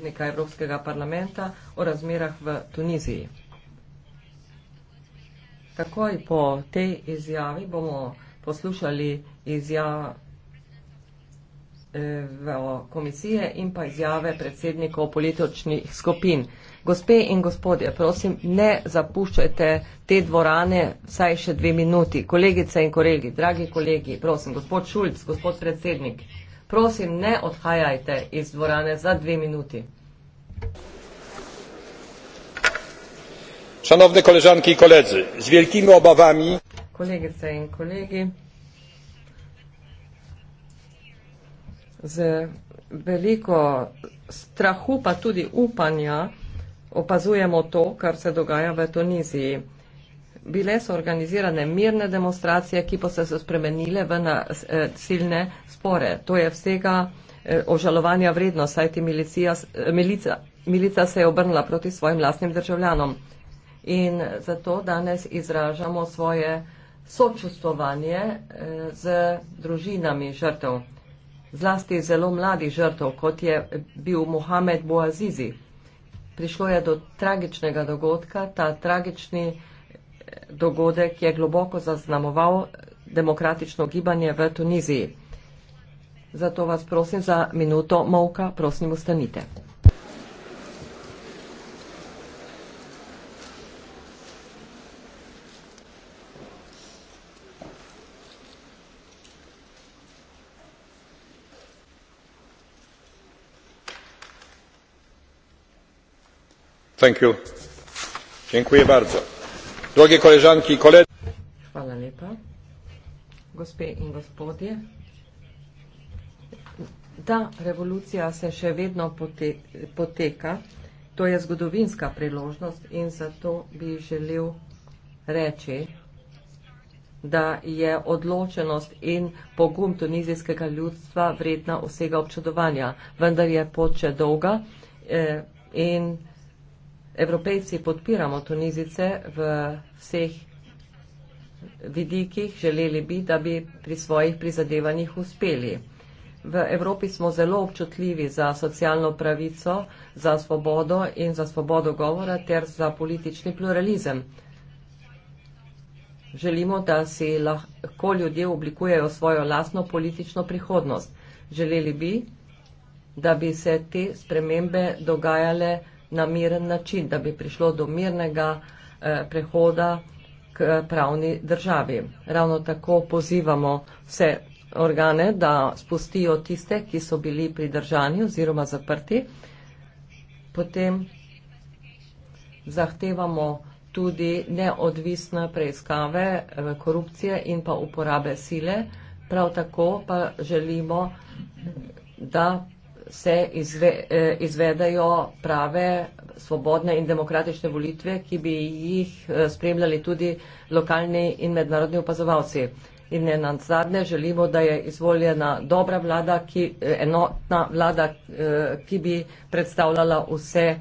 predsednika Evropskega parlamenta o razmerah v Tuniziji. Takoj po tej izjavi bomo poslušali izjave eh, komisije in pa izjave predsednikov političnih skupin. Gospe in gospodje, prosim, ne zapuščajte te dvorane vsaj še dve minuti. Kolegice in kolegi, dragi kolegi, prosim, gospod Šulc, gospod predsednik. Prosim, ne odhajajte iz dvorane za dve minuti. Szanowne koleżanki i koledzy, z wielkimi obawami. Kolegi, kolegi. Z veliko strahu, pa tudi upanja, opazujemo to, kar se dogaja v Tuniziji bile so organizirane mirne demonstracije, ki pa se so spremenile v nasilne eh, spore. To je vsega eh, ožalovanja vredno, saj ti milicija, eh, milica, milica se je obrnila proti svojim lastnim državljanom. In zato danes izražamo svoje sočustvovanje z družinami žrtev, zlasti zelo mladih žrtev, kot je bil Mohamed Boazizi. Prišlo je do tragičnega dogodka, ta tragični dogodek je globoko zaznamoval demokratično gibanje v Tuniziji. Zato vas prosim za minuto molka, prosim ustanite. Thank you. Dziękuję bardzo. Drogi koležanki in kolegi. Hvala lepa. Gospe in gospodje. Ta revolucija se še vedno pote poteka. To je zgodovinska priložnost in zato bi želel reči, da je odločenost in pogum tunizijskega ljudstva vredna vsega občudovanja. Vendar je pot še dolga. Eh, in Evropejci podpiramo Tunizice v vseh vidikih, želeli bi, da bi pri svojih prizadevanjih uspeli. V Evropi smo zelo občutljivi za socialno pravico, za svobodo in za svobodo govora ter za politični pluralizem. Želimo, da si lahko ljudje oblikujejo svojo lastno politično prihodnost. Želeli bi, da bi se te spremembe dogajale na miren način, da bi prišlo do mirnega eh, prehoda k eh, pravni državi. Ravno tako pozivamo vse organe, da spustijo tiste, ki so bili pridržani oziroma zaprti. Potem zahtevamo tudi neodvisne preiskave eh, korupcije in pa uporabe sile. Prav tako pa želimo, da se izve, eh, izvedajo prave, svobodne in demokratične volitve, ki bi jih eh, spremljali tudi lokalni in mednarodni opazovalci. In ne na zadnje želimo, da je izvoljena dobra vlada, ki, eh, enotna vlada, ki bi predstavljala vse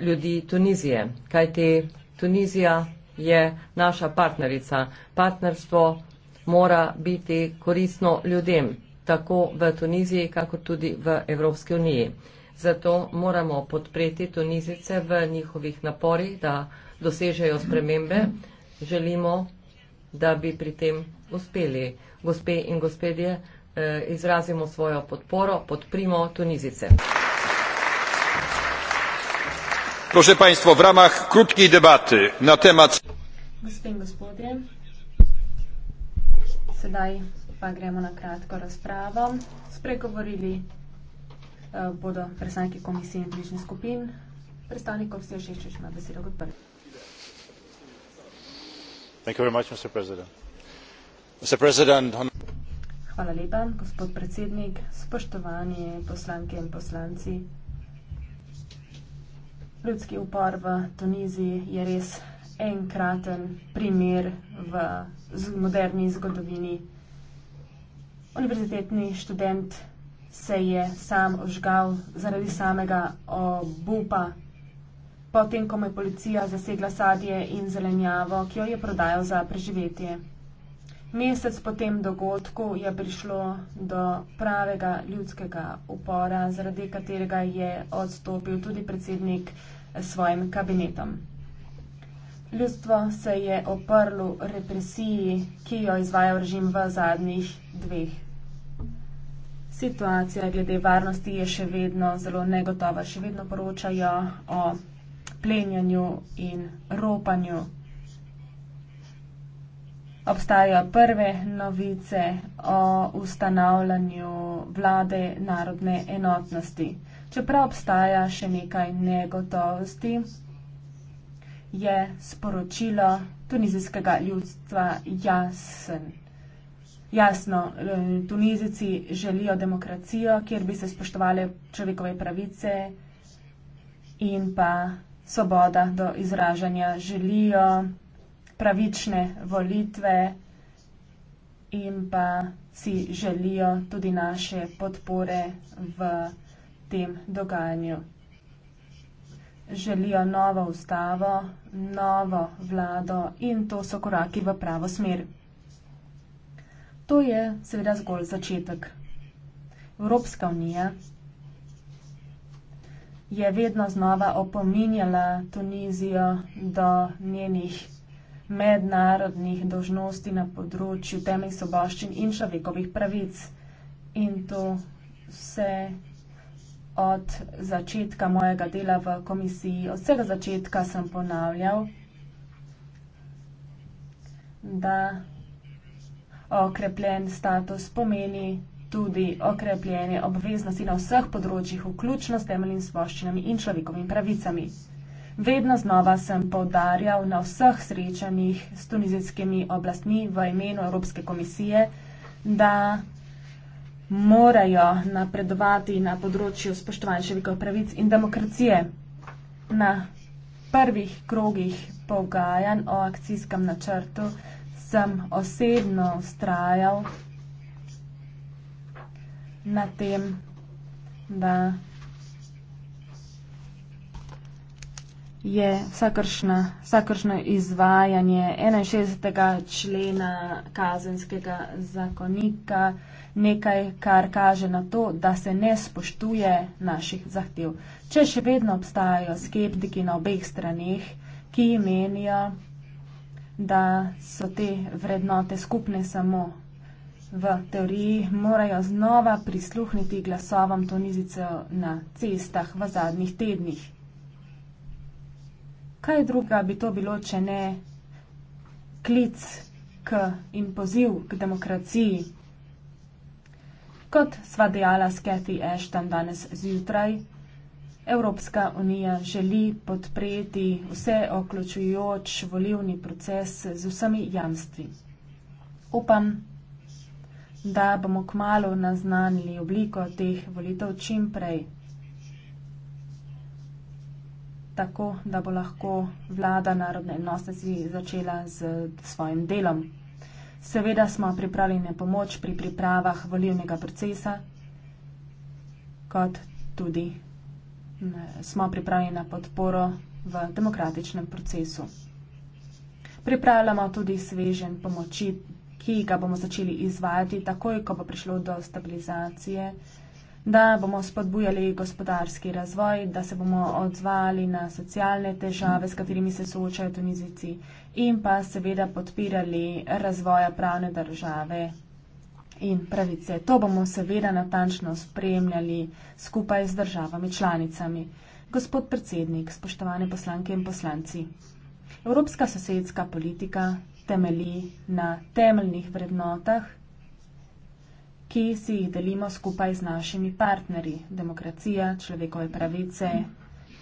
ljudi Tunizije. Kajti Tunizija je naša partnerica. Partnerstvo mora biti koristno ljudem tako v Tuniziji, kako tudi v Evropski uniji. Zato moramo podpreti Tunizice v njihovih naporih, da dosežejo spremembe. Želimo, da bi pri tem uspeli. Gospe in gospedje, eh, izrazimo svojo podporo, podprimo Tunizice. Proszę Państwa, w ramach krótkiej debaty na temat. Gospodzie, gospodzie, pa gremo na kratko razpravo. Spregovorili eh, bodo predstavniki komisije in bližnjih skupin. Predstavnik komisije Šeščeš ima besedo kot prvi. Hvala lepa, gospod predsednik, spoštovani poslanke in poslanci. Ljudski upor v Tuniziji je res enkraten primer v moderni zgodovini Univerzitetni študent se je sam ožgal zaradi samega obupa, potem ko mu je policija zasegla sadje in zelenjavo, ki jo je prodajal za preživetje. Mesec po tem dogodku je prišlo do pravega ljudskega upora, zaradi katerega je odstopil tudi predsednik s svojim kabinetom. Ljudstvo se je oprlo represiji, ki jo izvaja režim v zadnjih dveh Situacija glede varnosti je še vedno zelo negotova. Še vedno poročajo o plenjenju in ropanju. Obstajajo prve novice o ustanavljanju vlade narodne enotnosti. Čeprav obstaja še nekaj negotovosti, je sporočilo tunizijskega ljudstva jasno. Jasno, eh, Tunizici želijo demokracijo, kjer bi se spoštovali človekove pravice in pa svoboda do izražanja. Želijo pravične volitve in pa si želijo tudi naše podpore v tem dogajanju. Želijo novo ustavo, novo vlado in to so koraki v pravo smer. To je seveda zgolj začetek. Evropska unija je vedno znova opominjala Tunizijo do njenih mednarodnih dožnosti na področju temeljnih soboščin in človekovih pravic. In to vse od začetka mojega dela v komisiji, od vsega začetka sem ponavljal, da okrepljen status pomeni tudi okrepljene obveznosti na vseh področjih, vključno s temeljnimi svoščinami in človekovimi pravicami. Vedno znova sem povdarjal na vseh srečanjih s tunizijskimi oblastmi v imenu Evropske komisije, da morajo napredovati na področju spoštovanja človekovih pravic in demokracije. Na prvih krogih pogajanj o akcijskem načrtu sem osebno vztrajal na tem, da je vsakršna, vsakršno izvajanje 61. člena kazenskega zakonika nekaj, kar kaže na to, da se ne spoštuje naših zahtev. Če še vedno obstajajo skeptiki na obeh straneh, ki menijo, da so te vrednote skupne samo v teoriji, morajo znova prisluhniti glasovom tunizicev na cestah v zadnjih tednih. Kaj druga bi to bilo, če ne klic k in poziv k demokraciji? Kot sva dejala s Kathy Ashton danes zjutraj, Evropska unija želi podpreti vse oključujoč volivni proces z vsemi jamstvi. Upam, da bomo k malu naznanili obliko teh volitev čim prej, tako da bo lahko vlada narodne enostnosti začela z svojim delom. Seveda smo pripravljeni pomoč pri pripravah volivnega procesa, kot tudi smo pripravljeni na podporo v demokratičnem procesu. Pripravljamo tudi svežen pomoči, ki ga bomo začeli izvajati takoj, ko bo prišlo do stabilizacije, da bomo spodbujali gospodarski razvoj, da se bomo odzvali na socialne težave, s katerimi se soočajo tunizici in pa seveda podpirali razvoja pravne države in pravice. To bomo seveda natančno spremljali skupaj z državami članicami. Gospod predsednik, spoštovane poslanke in poslanci, evropska sosedska politika temeli na temeljnih vrednotah, ki si jih delimo skupaj z našimi partnerji. Demokracija, človekove pravice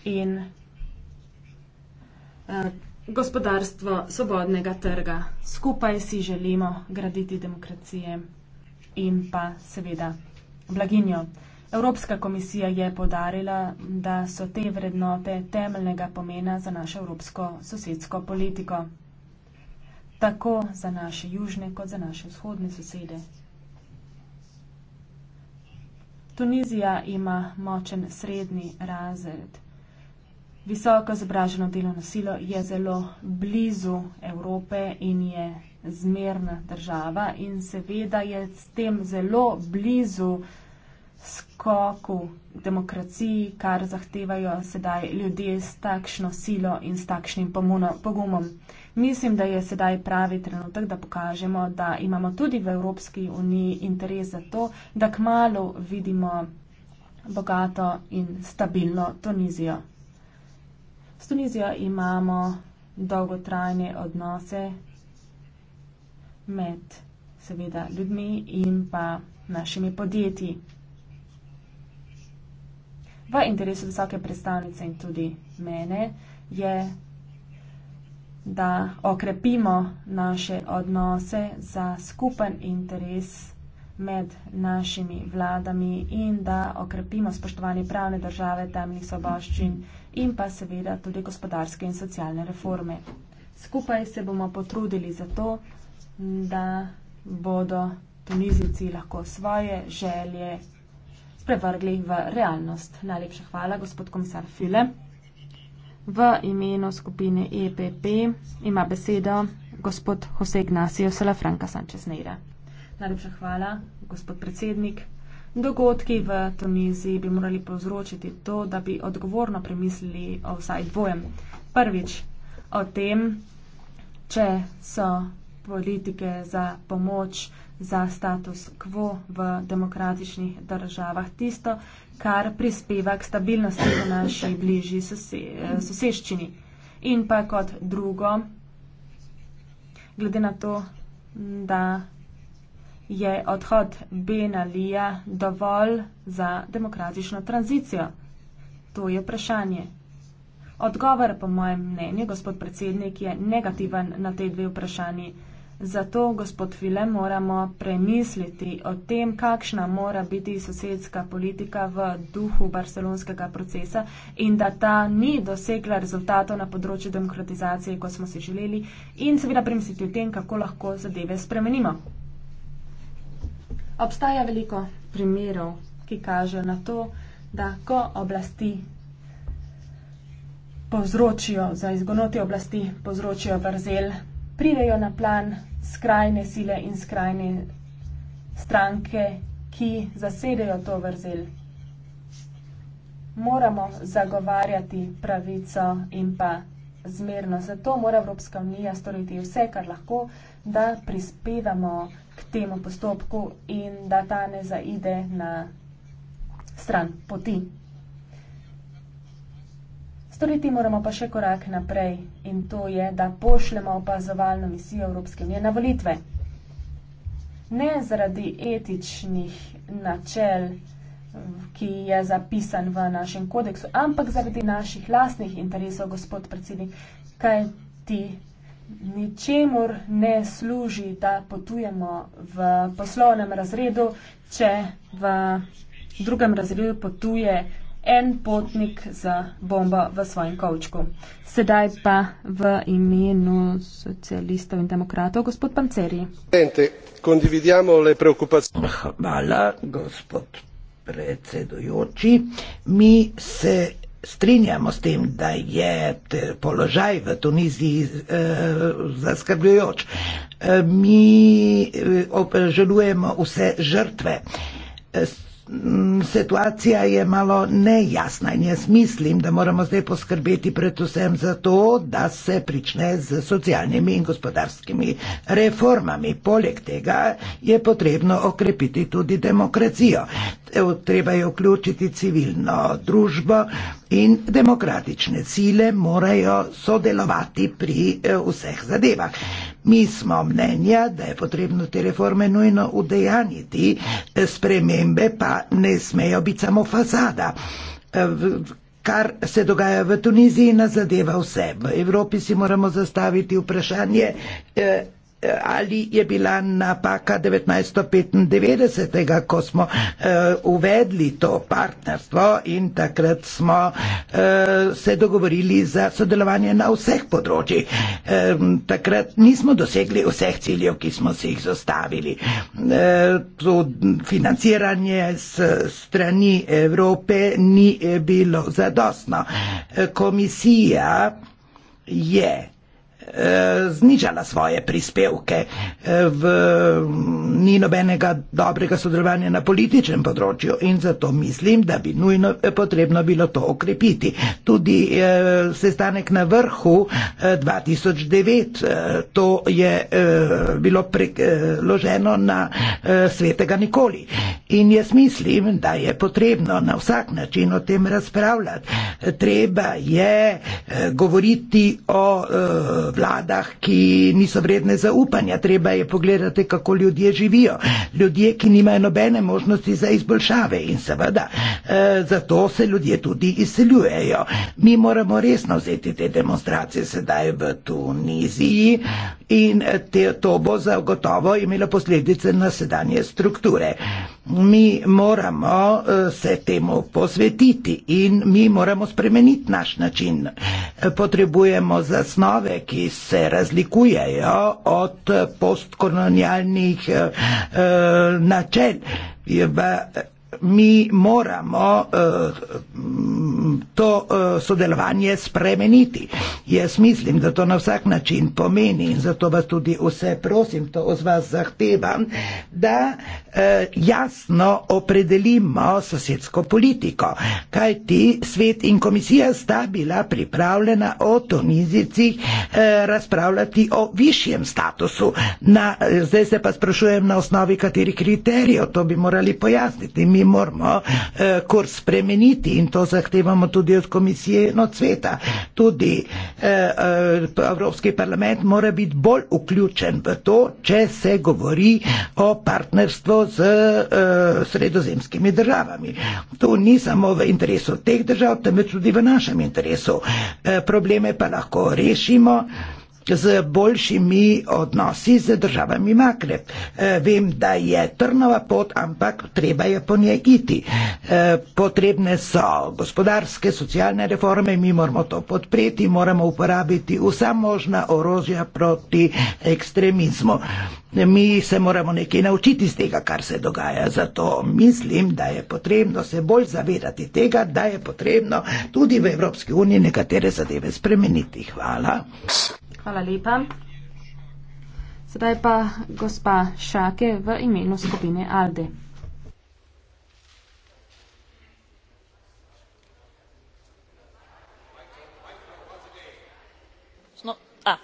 in eh, gospodarstvo svobodnega trga. Skupaj si želimo graditi demokracije in pa seveda blaginjo. Evropska komisija je podarila, da so te vrednote temeljnega pomena za našo evropsko sosedsko politiko, tako za naše južne kot za naše vzhodne sosede. Tunizija ima močen srednji razred. Visoko izobraženo delovno silo je zelo blizu Evrope in je zmerna država in seveda je s tem zelo blizu skoku demokraciji, kar zahtevajo sedaj ljudje s takšno silo in s takšnim pogumom. Mislim, da je sedaj pravi trenutek, da pokažemo, da imamo tudi v Evropski uniji interes za to, da k malu vidimo bogato in stabilno Tunizijo. S Tunizijo imamo dolgotrajne odnose, med seveda ljudmi in pa našimi podjetji. V interesu vsake predstavnice in tudi mene je, da okrepimo naše odnose za skupen interes med našimi vladami in da okrepimo spoštovanje pravne države, temnih soboščin in pa seveda tudi gospodarske in socialne reforme. Skupaj se bomo potrudili za to, da bodo tunizici lahko svoje želje prevrgli v realnost. Najlepša hvala, gospod komisar File. V imenu skupine EPP ima besedo gospod Jose Ignacio Salafranca Sanchez Neira. Najlepša hvala, gospod predsednik. Dogodki v Tuniziji bi morali povzročiti to, da bi odgovorno premislili o vsaj dvojem. Prvič o tem, če so politike za pomoč, za status quo v demokratičnih državah. Tisto, kar prispeva k stabilnosti v naši bližji sose, soseščini. In pa kot drugo, glede na to, da je odhod Benalija dovolj za demokratično tranzicijo. To je vprašanje. Odgovor, po mojem mnenju, gospod predsednik, je negativen na te dve vprašanje. Zato, gospod File, moramo premisliti o tem, kakšna mora biti sosedska politika v duhu barcelonskega procesa in da ta ni dosegla rezultatov na področju demokratizacije, kot smo si želeli, in seveda premisliti o tem, kako lahko zadeve spremenimo. Obstaja veliko primerov, ki kažejo na to, da ko oblasti povzročijo, za izgonoti oblasti povzročijo vrzel, pridejo na plan skrajne sile in skrajne stranke, ki zasedejo to vrzel. Moramo zagovarjati pravico in pa zmerno. Zato mora Evropska unija storiti vse, kar lahko, da prispevamo k temu postopku in da ta ne zaide na stran poti. Storiti moramo pa še korak naprej in to je, da pošljemo opazovalno misijo Evropske unije na volitve. Ne zaradi etičnih načel, ki je zapisan v našem kodeksu, ampak zaradi naših lastnih interesov, gospod predsednik, kaj ti ničemur ne služi, da potujemo v poslovnem razredu, če v drugem razredu potuje en potnik za bombo v svojem kavčku. Sedaj pa v imenu socialistov in demokratov, gospod Panceri. Hvala, gospod predsedujoči. Mi se strinjamo s tem, da je položaj v Tuniziji eh, zaskrbljujoč. Eh, mi eh, obžalujemo vse žrtve. Eh, Mm, situacija je malo nejasna in jaz mislim, da moramo zdaj poskrbeti predvsem za to, da se prične z socialnimi in gospodarskimi reformami. Poleg tega je potrebno okrepiti tudi demokracijo. Treba je vključiti civilno družbo in demokratične sile morajo sodelovati pri eh, vseh zadevah. Mi smo mnenja, da je potrebno te reforme nujno udejaniti, spremembe pa ne smejo biti samo fasada. Eh, kar se dogaja v Tuniziji, nas zadeva vse. V Evropi si moramo zastaviti vprašanje, eh, ali je bila napaka 1995, ko smo uh, uvedli to partnerstvo in takrat smo uh, se dogovorili za sodelovanje na vseh področjih. Um, takrat nismo dosegli vseh ciljev, ki smo si jih zastavili. Uh, financiranje s strani Evrope ni bilo zadostno. Komisija je Eh, znižala svoje prispevke, eh, v, ni nobenega dobrega sodelovanja na političnem področju in zato mislim, da bi nujno eh, potrebno bilo to okrepiti. Tudi eh, sestanek na vrhu eh, 2009, eh, to je eh, bilo preloženo eh, na eh, svetega nikoli. In jaz mislim, da je potrebno na vsak način o tem razpravljati. Treba je eh, govoriti o eh, vladah, ki niso vredne zaupanja. Treba je pogledati, kako ljudje živijo. Ljudje, ki nimajo nobene možnosti za izboljšave in seveda, eh, zato se ljudje tudi izseljujejo. Mi moramo resno vzeti te demonstracije sedaj v Tuniziji in eh, te, to bo zagotovo imelo posledice na sedanje strukture. Mi moramo eh, se temu posvetiti in mi moramo spremeniti naš način. Eh, potrebujemo zasnove, ki ki se razlikujejo od postkolonialnih eh, eh načel. Jeba, eh, mi moramo eh, to eh, sodelovanje spremeniti. Jaz mislim, da to na vsak način pomeni in zato vas tudi vse prosim, to od vas zahtevam, da Eh, jasno opredelimo sosedsko politiko, kaj ti svet in komisija sta bila pripravljena o Tunizicih eh, razpravljati o višjem statusu. Na, eh, zdaj se pa sprašujem, na osnovi katerih kriterijev to bi morali pojasniti. Mi moramo kurs spremeniti in to zahtevamo tudi od komisije in od sveta. Tudi Evropski parlament mora biti bolj vključen v to, če se govori o partnerstvu z e, sredozemskimi državami. To ni samo v interesu teh držav, temveč tudi v našem interesu. E, probleme pa lahko rešimo z boljšimi odnosi z državami Makreb. E, vem, da je trnova pot, ampak treba je po njej iti. E, potrebne so gospodarske, socialne reforme, mi moramo to podpreti, moramo uporabiti vsa možna orožja proti ekstremizmu. Mi se moramo nekaj naučiti iz tega, kar se dogaja. Zato mislim, da je potrebno se bolj zavedati tega, da je potrebno tudi v Evropski uniji nekatere zadeve spremeniti. Hvala. Hvala lepa. Sedaj pa gospa Šake v imenu skupine Alde. No, ah,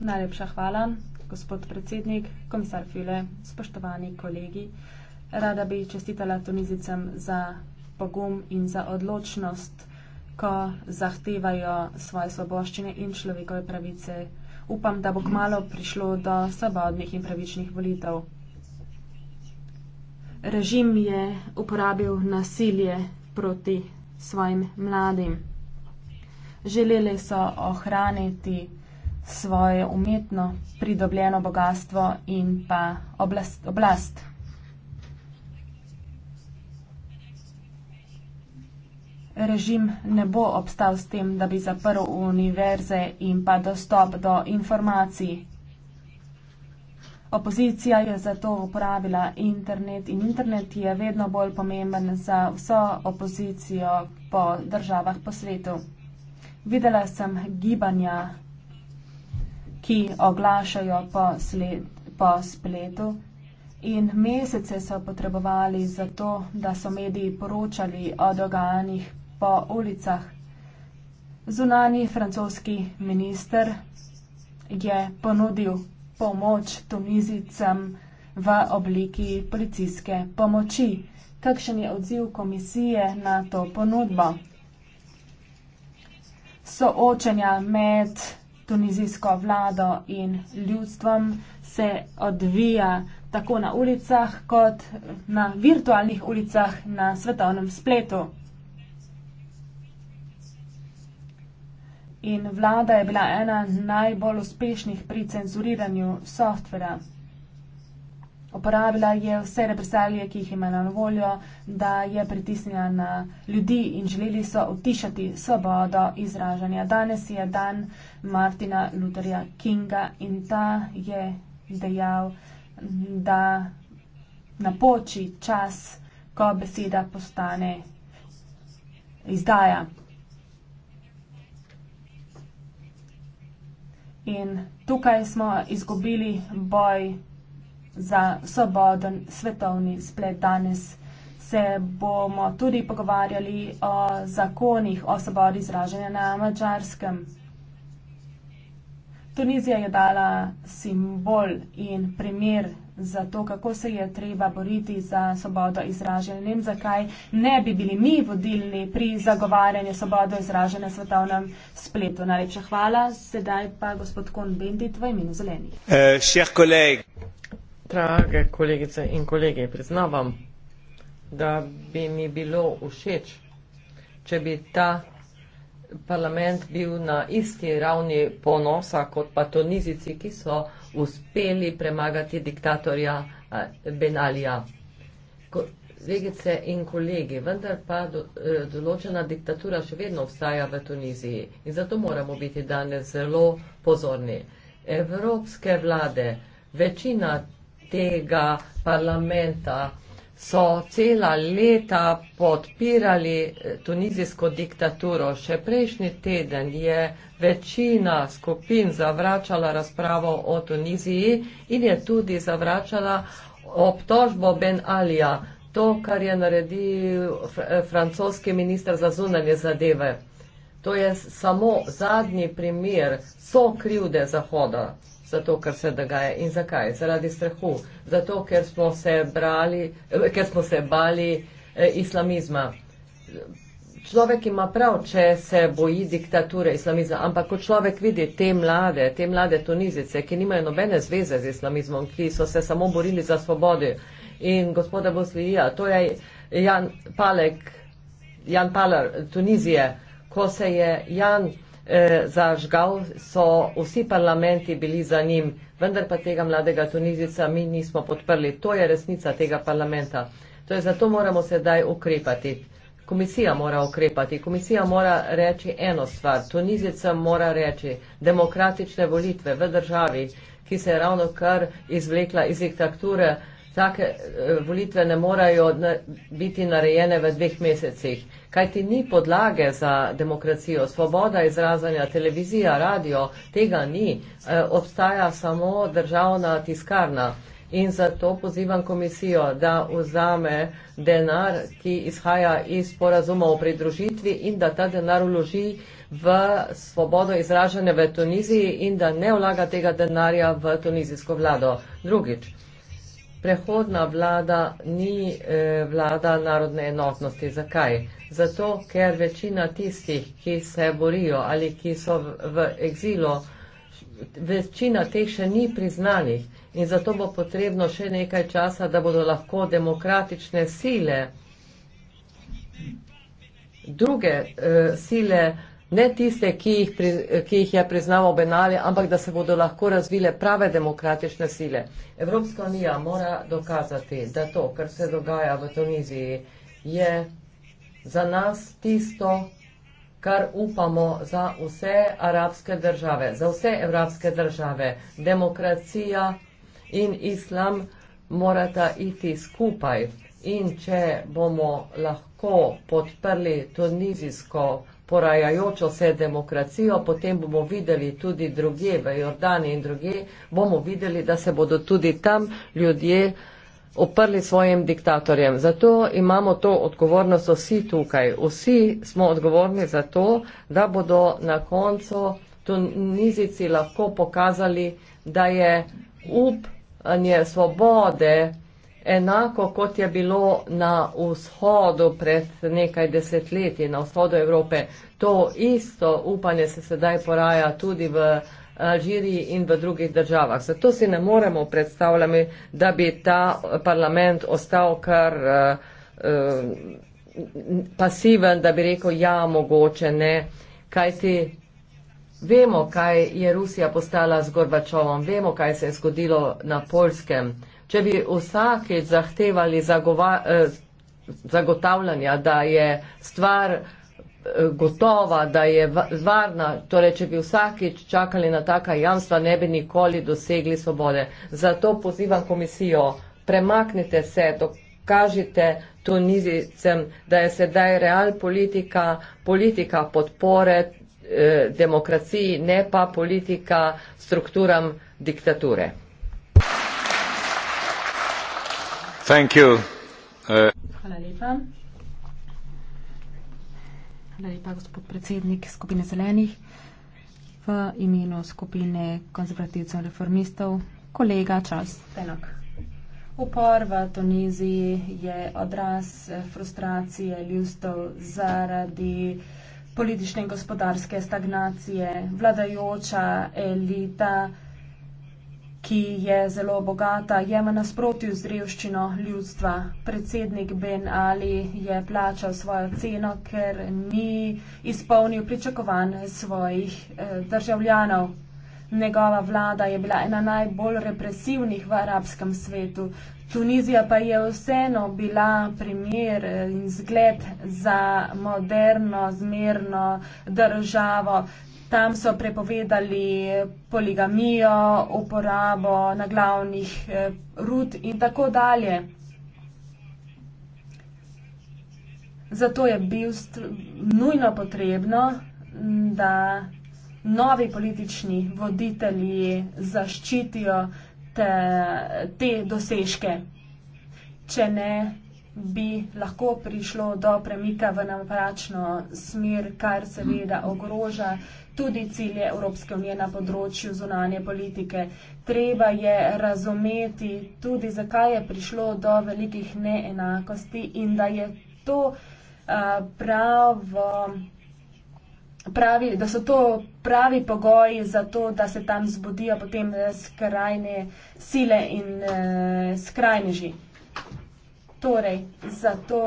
Najlepša hvala, gospod predsednik, komisar File, spoštovani kolegi. Rada bi čestitala Tunizicem za pogum in za odločnost ko zahtevajo svoje svoboščine in človekove pravice. Upam, da bo kmalo prišlo do svobodnih in pravičnih volitev. Režim je uporabil nasilje proti svojim mladim. Želeli so ohraniti svoje umetno pridobljeno bogatstvo in pa oblast. oblast. režim ne bo obstal s tem, da bi zaprl univerze in pa dostop do informacij. Opozicija je zato uporabila internet in internet je vedno bolj pomemben za vso opozicijo po državah po svetu. Videla sem gibanja, ki oglašajo po, sled, po spletu in mesece so potrebovali za to, da so mediji poročali o dogajanjih po ulicah. Zunani francoski minister je ponudil pomoč Tunizicam v obliki policijske pomoči. Kakšen je odziv komisije na to ponudbo? Soočenja med tunizijsko vlado in ljudstvom se odvija tako na ulicah kot na virtualnih ulicah na svetovnem spletu. in vlada je bila ena najbolj uspešnih pri cenzuriranju softvera. Uporabila je vse represalije, ki jih je imela na voljo, da je pritisnila na ljudi in želeli so utišati svobodo izražanja. Danes je dan Martina Lutherja Kinga in ta je dejal, da napoči čas, ko beseda postane izdaja. In tukaj smo izgubili boj za svoboden svetovni splet danes. Se bomo tudi pogovarjali o zakonih o svobodi izražanja na mačarskem. Tunizija je dala simbol in primer za to, kako se je treba boriti za svobodo izražanja. Ne vem, zakaj ne bi bili mi vodilni pri zagovarjanju svobodo izražanja na svetovnem spletu. Najlepša hvala. Sedaj pa gospod Kon Bendi, tvoj imen zeleni. Eh, Še uh, koleg. Drage kolegice in kolegi, priznavam, da bi mi bilo všeč, če bi ta parlament bil na isti ravni ponosa kot pa tunizici, ki so uspeli premagati diktatorja eh, Benalija. Kolegice in kolegi, vendar pa eh, določena diktatura še vedno obstaja v Tuniziji in zato moramo biti danes zelo pozorni. Evropske vlade, večina tega parlamenta, so cela leta podpirali eh, tunizijsko diktaturo. Še prejšnji teden je večina skupin zavračala razpravo o Tuniziji in je tudi zavračala obtožbo Ben Alija, to, kar je naredil fr eh, francoski minister za zunanje zadeve. To je samo zadnji primer so krivde Zahoda za to, kar se dogaja in zakaj. Zaradi strahu. Zato, ker smo se, brali, ker smo se bali eh, islamizma. Človek ima prav, če se boji diktature islamizma, ampak ko človek vidi te mlade, te mlade tunizice, ki nimajo nobene zveze z islamizmom, ki so se samo borili za svobodo in gospoda Boslija, to je Jan Palek, Jan Palar Tunizije, ko se je Jan eh, zažgal, so vsi parlamenti bili za njim, vendar pa tega mladega Tunizica mi nismo podprli. To je resnica tega parlamenta. To je zato moramo sedaj ukrepati. Komisija mora ukrepati. Komisija mora reči eno stvar. Tunizica mora reči demokratične volitve v državi, ki se je ravno kar izvlekla iz diktature take eh, volitve ne morajo biti narejene v dveh mesecih, kajti ni podlage za demokracijo. Svoboda izražanja, televizija, radio, tega ni. Eh, obstaja samo državna tiskarna. In zato pozivam komisijo, da vzame denar, ki izhaja iz porazuma o pridružitvi in da ta denar uloži v svobodo izražanja v Tuniziji in da ne vlaga tega denarja v tunizijsko vlado. Drugič prehodna vlada ni eh, vlada narodne enotnosti. Zakaj? Zato, ker večina tistih, ki se borijo ali ki so v, v egzilu, večina teh še ni priznanih in zato bo potrebno še nekaj časa, da bodo lahko demokratične sile, druge eh, sile, ne tiste, ki jih, pri, ki jih je priznaval Benali, ampak da se bodo lahko razvile prave demokratične sile. Evropska unija mora dokazati, da to, kar se dogaja v Tuniziji, je za nas tisto, kar upamo za vse arabske države, za vse evropske države. Demokracija in islam morata iti skupaj. In če bomo lahko podprli tunizijsko porajajočo se demokracijo, potem bomo videli tudi druge, v Jordani in druge, bomo videli, da se bodo tudi tam ljudje oprli svojim diktatorjem. Zato imamo to odgovornost vsi tukaj. Vsi smo odgovorni za to, da bodo na koncu tunizici lahko pokazali, da je upanje svobode, enako kot je bilo na vzhodu pred nekaj desetletji, na vzhodu Evrope. To isto upanje se sedaj poraja tudi v Alžiriji in v drugih državah. Zato si ne moremo predstavljati, da bi ta parlament ostal kar uh, pasiven, da bi rekel, ja, mogoče ne, kaj ti. Vemo, kaj je Rusija postala z Gorbačovom, vemo, kaj se je zgodilo na Polskem če bi vsake zahtevali zagova, eh, zagotavljanja, da je stvar eh, gotova, da je varna, torej, če bi vsaki čakali na taka jamstva, ne bi nikoli dosegli svobode. Zato pozivam komisijo, premaknite se, dokažite tunizicem, da je sedaj real politika, politika podpore eh, demokraciji, ne pa politika strukturam diktature. Hvala lepa, gospod predsednik skupine zelenih. V imenu skupine konzervativcev in reformistov, kolega Čas Tenok. Upor v Tuniziji je odraz frustracije ljudstv zaradi politične in gospodarske stagnacije. Vladajoča elita ki je zelo bogata, je v nasprotju z revščino ljudstva. Predsednik Ben Ali je plačal svojo ceno, ker ni izpolnil pričakovanj svojih eh, državljanov. Njegova vlada je bila ena najbolj represivnih v arabskem svetu. Tunizija pa je vseeno bila primer eh, in zgled za moderno, zmerno državo, Tam so prepovedali poligamijo, uporabo naglavnih eh, rud in tako dalje. Zato je bil nujno potrebno, da novi politični voditelji zaščitijo te, te dosežke, če ne bi lahko prišlo do premika v napačno smer, kar seveda ogroža tudi cilje Evropske unije na področju zunanje politike. Treba je razumeti tudi, zakaj je prišlo do velikih neenakosti in da je to pravo. Pravi, da so to pravi pogoji za to, da se tam zbudijo potem e, skrajne sile in eh, skrajneži. Torej, zato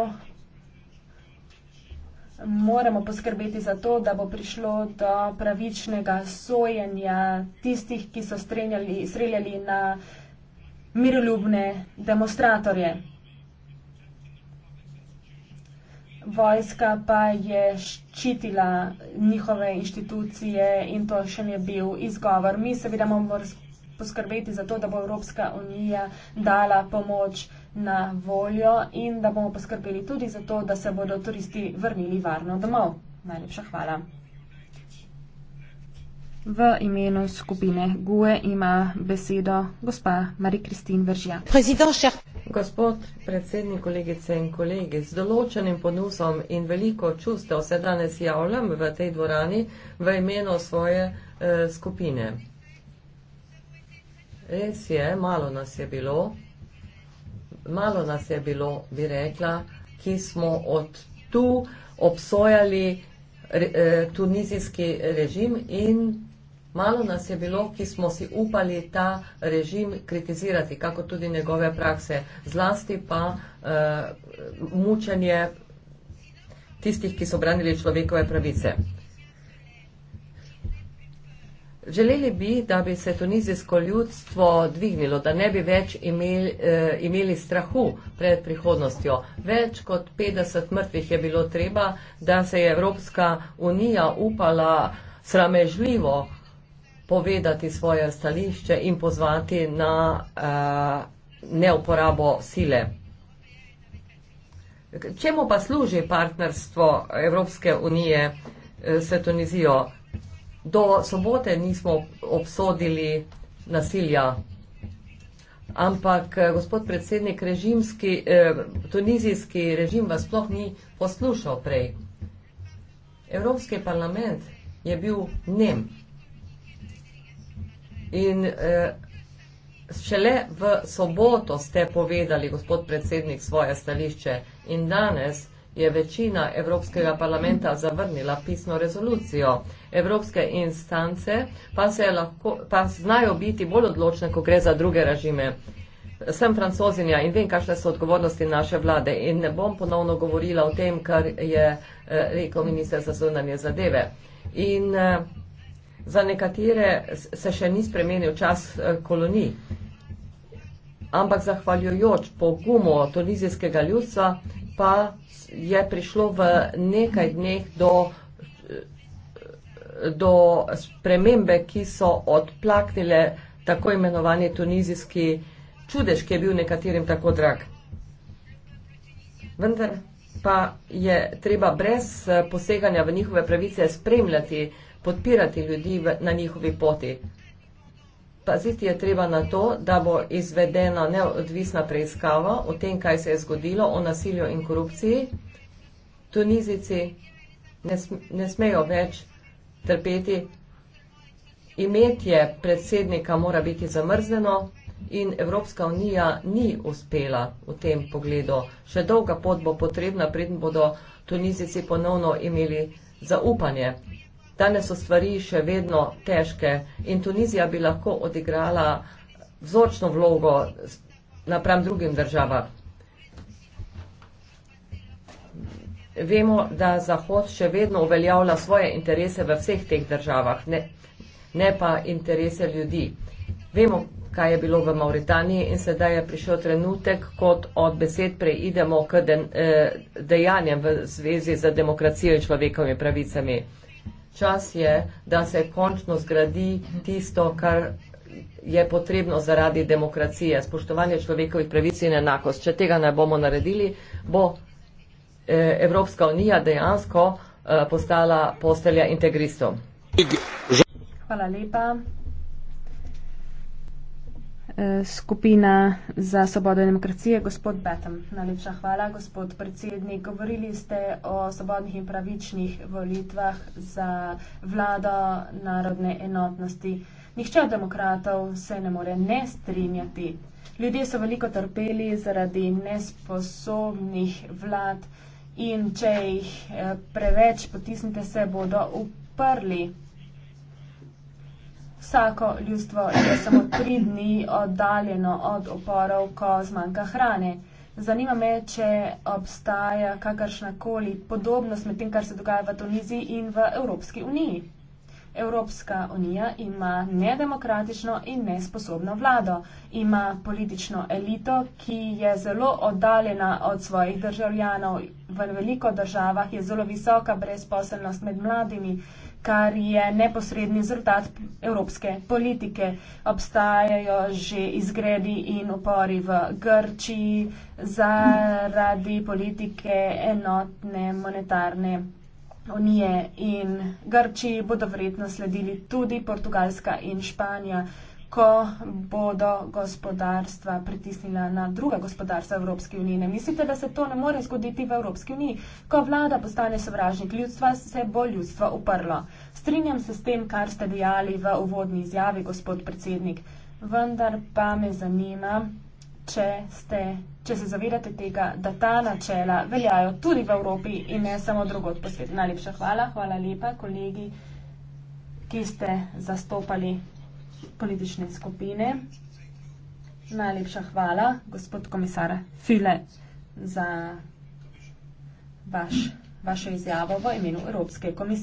moramo poskrbeti za to, da bo prišlo do pravičnega sojenja tistih, ki so streljali na miroljubne demonstratorje. Vojska pa je ščitila njihove inštitucije in to še ne bil izgovor. Mi seveda moramo poskrbeti za to, da bo Evropska unija dala pomoč na voljo in da bomo poskrbeli tudi za to, da se bodo turisti vrnili varno domov. Najlepša hvala. V imenu skupine GUE ima besedo gospa Marie-Kristin Veržja. Gospod predsednik, kolegice in kolegi, z določenim ponusom in veliko čustev se danes javljam v tej dvorani v imenu svoje eh, skupine. Res je, malo nas je bilo, malo nas je bilo, bi rekla, ki smo od tu obsojali re, e, tunizijski režim in malo nas je bilo, ki smo si upali ta režim kritizirati, kako tudi njegove prakse, zlasti pa uh, mučenje tistih, ki so branili človekove pravice. Želeli bi, da bi se tunizijsko ljudstvo dvignilo, da ne bi več imeli, eh, imeli strahu pred prihodnostjo. Več kot 50 mrtvih je bilo treba, da se je Evropska unija upala sramežljivo povedati svoje stališče in pozvati na eh, neuporabo sile. Čemu pa služi partnerstvo Evropske unije eh, s Tunizijo? do sobote nismo obsodili nasilja. Ampak, eh, gospod predsednik, režimski, eh, tunizijski režim vas sploh ni poslušal prej. Evropski parlament je bil nem. In eh, šele v soboto ste povedali, gospod predsednik, svoje stališče. In danes eh, je večina Evropskega parlamenta zavrnila pisno rezolucijo. Evropske instance pa, lahko, pa znajo biti bolj odločne, ko gre za druge režime. Sem francozinja in vem, kakšne so odgovornosti naše vlade in ne bom ponovno govorila o tem, kar je eh, rekel minister za zunanje zadeve. In eh, za nekatere se še ni spremenil čas eh, kolonij. Ampak zahvaljujoč pogumu tunizijskega ljudstva pa je prišlo v nekaj dneh do, do spremembe, ki so odplaknile tako imenovani tunizijski čudež, ki je bil nekaterim tako drag. Vendar pa je treba brez eh, poseganja v njihove pravice spremljati, podpirati ljudi v, na njihovi poti paziti je treba na to, da bo izvedena neodvisna preiskava o tem, kaj se je zgodilo, o nasilju in korupciji. Tunizici ne, sm ne smejo več trpeti. Imetje predsednika mora biti zamrzneno in Evropska unija ni uspela v tem pogledu. Še dolga pot bo potrebna, predn bodo Tunizici ponovno imeli zaupanje. Danes so stvari še vedno težke in Tunizija bi lahko odigrala vzorčno vlogo napram drugim državam. Vemo, da Zahod še vedno uveljavlja svoje interese v vseh teh državah, ne, ne pa interese ljudi. Vemo, kaj je bilo v Mauritaniji in sedaj je prišel trenutek, kot od besed preidemo k eh, dejanjem v zvezi z demokracijo in človekovimi pravicami čas je, da se končno zgradi tisto, kar je potrebno zaradi demokracije, spoštovanje človekovih pravic in enakost. Če tega ne bomo naredili, bo eh, Evropska unija dejansko eh, postala postelja integristov. Hvala lepa. Eh, skupina za svobodo in demokracije, gospod Betam. Najlepša hvala, gospod predsednik. Govorili ste o svobodnih in pravičnih volitvah za vlado narodne enotnosti. Nihče od demokratov se ne more ne strinjati. Ljudje so veliko trpeli zaradi nesposobnih vlad in če jih eh, preveč potisnite, se bodo uprli Vsako ljudstvo je samo tri dni oddaljeno od oporov, ko zmanjka hrane. Zanima me, če obstaja kakršnakoli podobnost med tem, kar se dogaja v Tuniziji in v Evropski uniji. Evropska unija ima nedemokratično in nesposobno vlado. Ima politično elito, ki je zelo oddaljena od svojih državljanov v veliko državah je zelo visoka brezposelnost med mladimi, kar je neposredni rezultat evropske politike. Obstajajo že izgredi in upori v Grčiji zaradi politike enotne monetarne. Unije in Grčiji bodo verjetno sledili tudi Portugalska in Španija ko bodo gospodarstva pritisnila na druga gospodarstva Evropske unije. Ne mislite, da se to ne more zgoditi v Evropski uniji? Ko vlada postane sovražnik ljudstva, se bo ljudstvo uprlo. Strinjam se s tem, kar ste dejali v uvodni izjavi, gospod predsednik. Vendar pa me zanima, če, ste, če se zavedate tega, da ta načela veljajo tudi v Evropi in ne samo drugot po svetu. Najlepša hvala, hvala lepa, kolegi, ki ste zastopali politične skupine. Najlepša hvala, gospod komisar File, za vaš, vašo izjavo v imenu Evropske komisije.